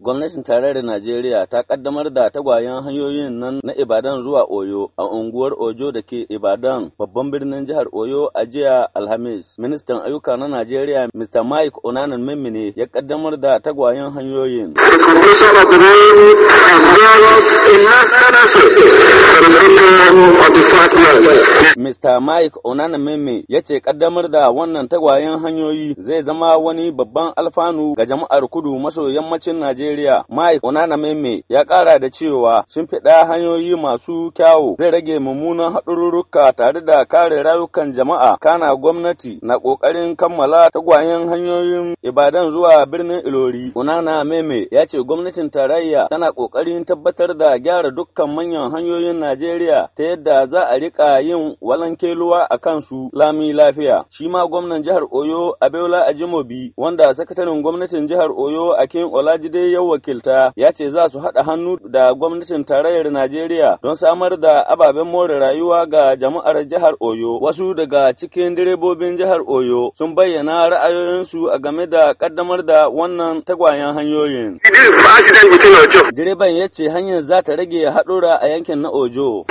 Gwamnatin tarayyar Najeriya ta kaddamar da tagwayen hanyoyin nan na Ibadan zuwa Oyo a unguwar Ojo da ke Ibadan babban birnin jihar Oyo a jiya Alhamis. Ministan ayyuka na Najeriya Mr. Mike Onanan Memmine ya kaddamar da tagwayen hanyoyin. The Mr. Mike meme' ya ce kaddamar da wannan tagwayen hanyoyi zai zama wani babban alfanu ga jama'ar kudu maso yammacin Najeriya. Mike meme' ya kara da cewa sun fiɗa hanyoyi masu kyawu zai rage mummunan haɗururruka tare da kare rayukan jama'a. Kana gwamnati na ƙoƙarin kammala tagwayen hanyoyin Ibadan zuwa birnin Ilori. Onana Meme ya ce gwamnatin tarayya tana ƙoƙarin tabbatar da gyara dukkan manyan hanyoyin Najeriya ta yadda za a riƙa yin walankeluwa a kansu lami lafiya. Shi ma gwamnan jihar Oyo Abeola Ajimobi wanda sakataren gwamnatin jihar Oyo Akin Olajide ya wakilta ya ce za su haɗa hannu da gwamnatin tarayyar Najeriya don samar da ababen more rayuwa ga jama'ar jihar Oyo. Wasu daga cikin direbobin jihar Oyo sun bayyana ra'ayoyinsu a game da ƙaddamar da wannan tagwayen hanyoyin. Direban ya ce hanyar za ta rage haɗura a yankin na Ojo.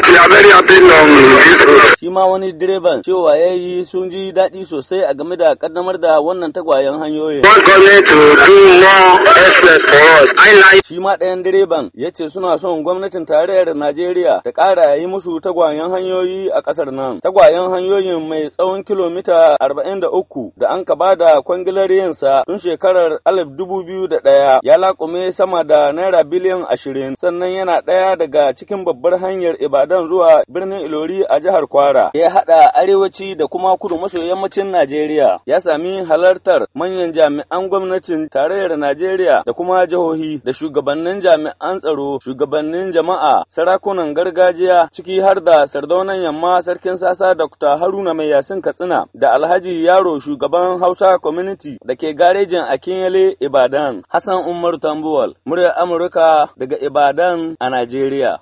shi ma wani direban cewa ya yi sun ji daɗi sosai a game da kaddamar da wannan tagwayen hanyoyin. Shi ma ɗayan direban ya ce suna son gwamnatin tarayyar Najeriya ta ƙara yi musu tagwayen hanyoyi a ƙasar nan. Tagwayen hanyoyin mai tsawon kilomita arba'in da uku, da an ka bada kwangilar yinsa tun shekarar alif dubu biyu da 2001 ya laƙume sama da naira biliyan ashirin. sannan yana ɗaya daga cikin babbar hanyar Ibadan zuwa birnin Ilori a jihar Kwara. fara ya haɗa arewaci da kuma kudu maso yammacin Najeriya ya sami halartar manyan jami'an gwamnatin tarayyar Najeriya da kuma jihohi da shugabannin jami'an tsaro, shugabannin jama'a, sarakunan gargajiya ciki har da sardaunan yamma sarkin sasa Dr. Haruna Mai Yasin Katsina da Alhaji Yaro shugaban Hausa Community da ke garejin Akinyele Ibadan. Hassan Umar Tambuwal, murya Amurka daga Ibadan a Najeriya.